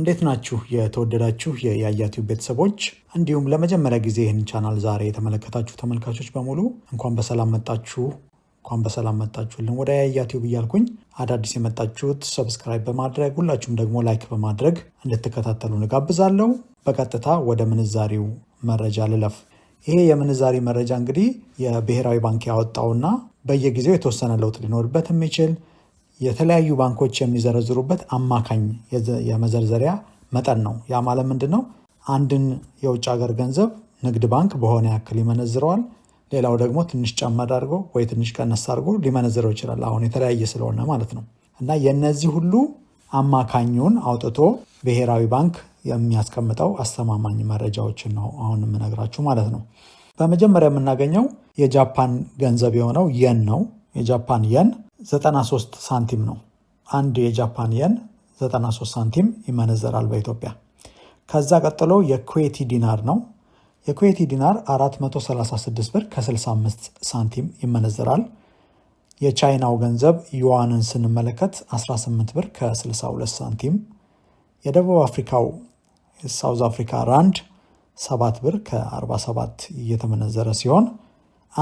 እንዴት ናችሁ የተወደዳችሁ የያያቲው ቤተሰቦች፣ እንዲሁም ለመጀመሪያ ጊዜ ይህን ቻናል ዛሬ የተመለከታችሁ ተመልካቾች በሙሉ እንኳን በሰላም መጣችሁ፣ እንኳን በሰላም መጣችሁልን ወደ ያያቲው ብያልኩኝ። አዳዲስ የመጣችሁት ሰብስክራይብ በማድረግ ሁላችሁም ደግሞ ላይክ በማድረግ እንድትከታተሉ እጋብዛለሁ። በቀጥታ ወደ ምንዛሪው መረጃ ልለፍ። ይሄ የምንዛሪ መረጃ እንግዲህ የብሔራዊ ባንክ ያወጣውና በየጊዜው የተወሰነ ለውጥ ሊኖርበት የሚችል የተለያዩ ባንኮች የሚዘረዝሩበት አማካኝ የመዘርዘሪያ መጠን ነው። ያ ማለት ምንድን ነው? አንድን የውጭ ሀገር ገንዘብ ንግድ ባንክ በሆነ ያክል ይመነዝረዋል። ሌላው ደግሞ ትንሽ ጨመር አድርጎ ወይ ትንሽ ቀነስ አድርጎ ሊመነዝረው ይችላል። አሁን የተለያየ ስለሆነ ማለት ነው። እና የእነዚህ ሁሉ አማካኙን አውጥቶ ብሔራዊ ባንክ የሚያስቀምጠው አስተማማኝ መረጃዎችን ነው አሁን የምነግራችሁ ማለት ነው። በመጀመሪያ የምናገኘው የጃፓን ገንዘብ የሆነው የን ነው። የጃፓን የን 93 ሳንቲም ነው። አንድ የጃፓን የን 93 ሳንቲም ይመነዘራል በኢትዮጵያ። ከዛ ቀጥሎ የኩዌቲ ዲናር ነው። የኩዌቲ ዲናር 436 ብር ከ65 ሳንቲም ይመነዘራል። የቻይናው ገንዘብ ዩዋንን ስንመለከት 18 ብር ከ62 ሳንቲም፣ የደቡብ አፍሪካው የሳውዝ አፍሪካ ራንድ 7 ብር ከ47 እየተመነዘረ ሲሆን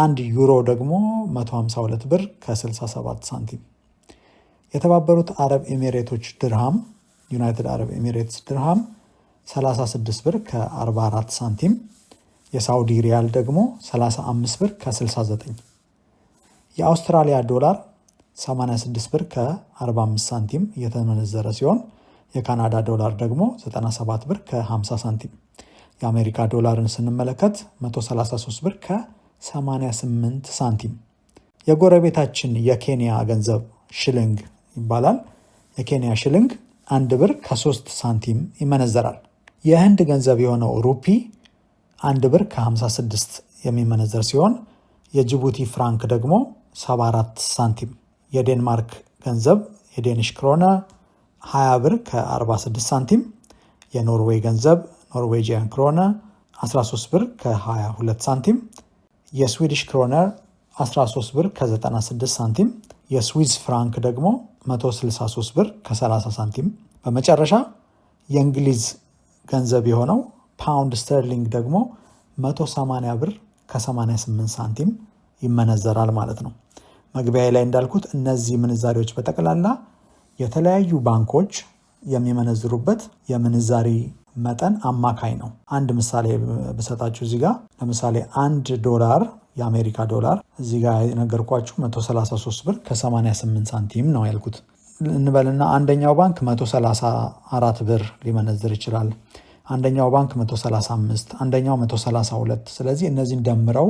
አንድ ዩሮ ደግሞ 152 ብር ከ67 ሳንቲም። የተባበሩት አረብ ኤሚሬቶች ድርሃም ዩናይትድ አረብ ኤሚሬትስ ድርሃም 36 ብር ከ44 ሳንቲም። የሳውዲ ሪያል ደግሞ 35 ብር ከ69። የአውስትራሊያ ዶላር 86 ብር ከ45 ሳንቲም እየተመነዘረ ሲሆን የካናዳ ዶላር ደግሞ 97 ብር ከ50 ሳንቲም። የአሜሪካ ዶላርን ስንመለከት 133 ብር ከ 88 ሳንቲም። የጎረቤታችን የኬንያ ገንዘብ ሽልንግ ይባላል። የኬንያ ሽልንግ አንድ ብር ከ3 ሳንቲም ይመነዘራል። የህንድ ገንዘብ የሆነው ሩፒ አንድ ብር ከ56 የሚመነዘር ሲሆን የጅቡቲ ፍራንክ ደግሞ 74 ሳንቲም። የዴንማርክ ገንዘብ የዴኒሽ ክሮነ 20 ብር ከ46 ሳንቲም። የኖርዌይ ገንዘብ ኖርዌጂያን ክሮነ 13 ብር ከ22 ሳንቲም የስዊድሽ ክሮነር 13 ብር ከ96 ሳንቲም፣ የስዊዝ ፍራንክ ደግሞ 163 ብር ከ30 ሳንቲም፣ በመጨረሻ የእንግሊዝ ገንዘብ የሆነው ፓውንድ ስተርሊንግ ደግሞ 180 ብር ከ88 ሳንቲም ይመነዘራል ማለት ነው። መግቢያ ላይ እንዳልኩት እነዚህ ምንዛሬዎች በጠቅላላ የተለያዩ ባንኮች የሚመነዝሩበት የምንዛሪ መጠን አማካይ ነው። አንድ ምሳሌ ብሰጣችሁ እዚህ ጋ ለምሳሌ አንድ ዶላር የአሜሪካ ዶላር እዚህ ጋ የነገርኳችሁ 133 ብር ከ88 ሳንቲም ነው ያልኩት እንበልና አንደኛው ባንክ 134 ብር ሊመነዝር ይችላል። አንደኛው ባንክ 135፣ አንደኛው 132። ስለዚህ እነዚህን ደምረው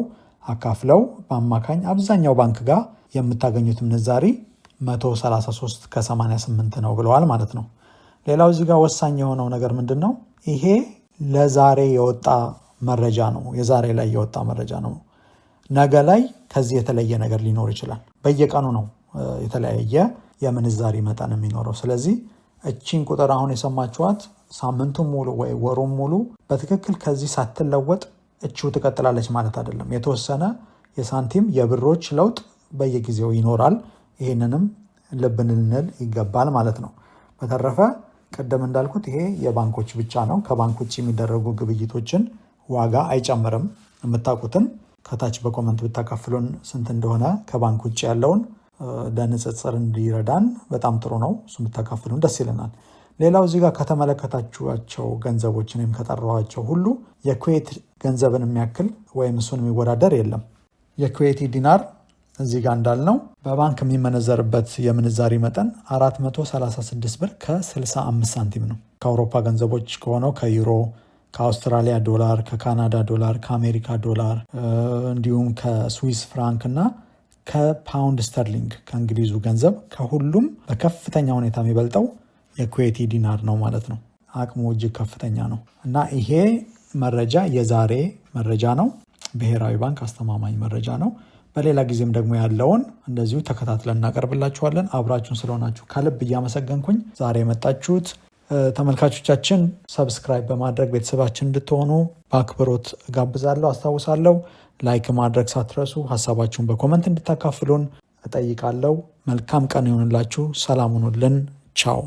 አካፍለው በአማካኝ አብዛኛው ባንክ ጋር የምታገኙት ምንዛሪ 133 ከ88 ነው ብለዋል ማለት ነው። ሌላው እዚህ ጋር ወሳኝ የሆነው ነገር ምንድን ነው? ይሄ ለዛሬ የወጣ መረጃ ነው። የዛሬ ላይ የወጣ መረጃ ነው። ነገ ላይ ከዚህ የተለየ ነገር ሊኖር ይችላል። በየቀኑ ነው የተለያየ የምንዛሪ መጠን የሚኖረው። ስለዚህ እቺን ቁጥር አሁን የሰማችኋት ሳምንቱን ሙሉ ወይ ወሩን ሙሉ በትክክል ከዚህ ሳትለወጥ እችው ትቀጥላለች ማለት አይደለም። የተወሰነ የሳንቲም የብሮች ለውጥ በየጊዜው ይኖራል። ይህንንም ልብ ልንል ይገባል ማለት ነው። በተረፈ ቅድም እንዳልኩት ይሄ የባንኮች ብቻ ነው። ከባንክ ውጭ የሚደረጉ ግብይቶችን ዋጋ አይጨምርም። የምታውቁትን ከታች በኮመንት ብታካፍሉን ስንት እንደሆነ ከባንክ ውጭ ያለውን ለንጽጽር እንዲረዳን በጣም ጥሩ ነው። እሱ ብታካፍሉን ደስ ይለናል። ሌላው እዚህ ጋር ከተመለከታችኋቸው ገንዘቦችን ወይም ከጠራኋቸው ሁሉ የኩዌት ገንዘብን የሚያክል ወይም እሱን የሚወዳደር የለም። የኩዌቲ ዲናር እዚህ ጋር እንዳልነው በባንክ የሚመነዘርበት የምንዛሪ መጠን 436 ብር ከ65 ሳንቲም ነው። ከአውሮፓ ገንዘቦች ከሆነው ከዩሮ፣ ከአውስትራሊያ ዶላር፣ ከካናዳ ዶላር፣ ከአሜሪካ ዶላር እንዲሁም ከስዊስ ፍራንክ እና ከፓውንድ ስተርሊንግ ከእንግሊዙ ገንዘብ ከሁሉም በከፍተኛ ሁኔታ የሚበልጠው የኩዌቲ ዲናር ነው ማለት ነው። አቅሙ እጅግ ከፍተኛ ነው እና ይሄ መረጃ የዛሬ መረጃ ነው። ብሔራዊ ባንክ አስተማማኝ መረጃ ነው። በሌላ ጊዜም ደግሞ ያለውን እንደዚሁ ተከታትለን እናቀርብላችኋለን። አብራችሁን ስለሆናችሁ ከልብ እያመሰገንኩኝ ዛሬ የመጣችሁት ተመልካቾቻችን ሰብስክራይብ በማድረግ ቤተሰባችን እንድትሆኑ በአክብሮት ጋብዛለሁ፣ አስታውሳለሁ። ላይክ ማድረግ ሳትረሱ ሀሳባችሁን በኮመንት እንድታካፍሉን እጠይቃለሁ። መልካም ቀን ይሆንላችሁ። ሰላም ሁኑልን። ቻው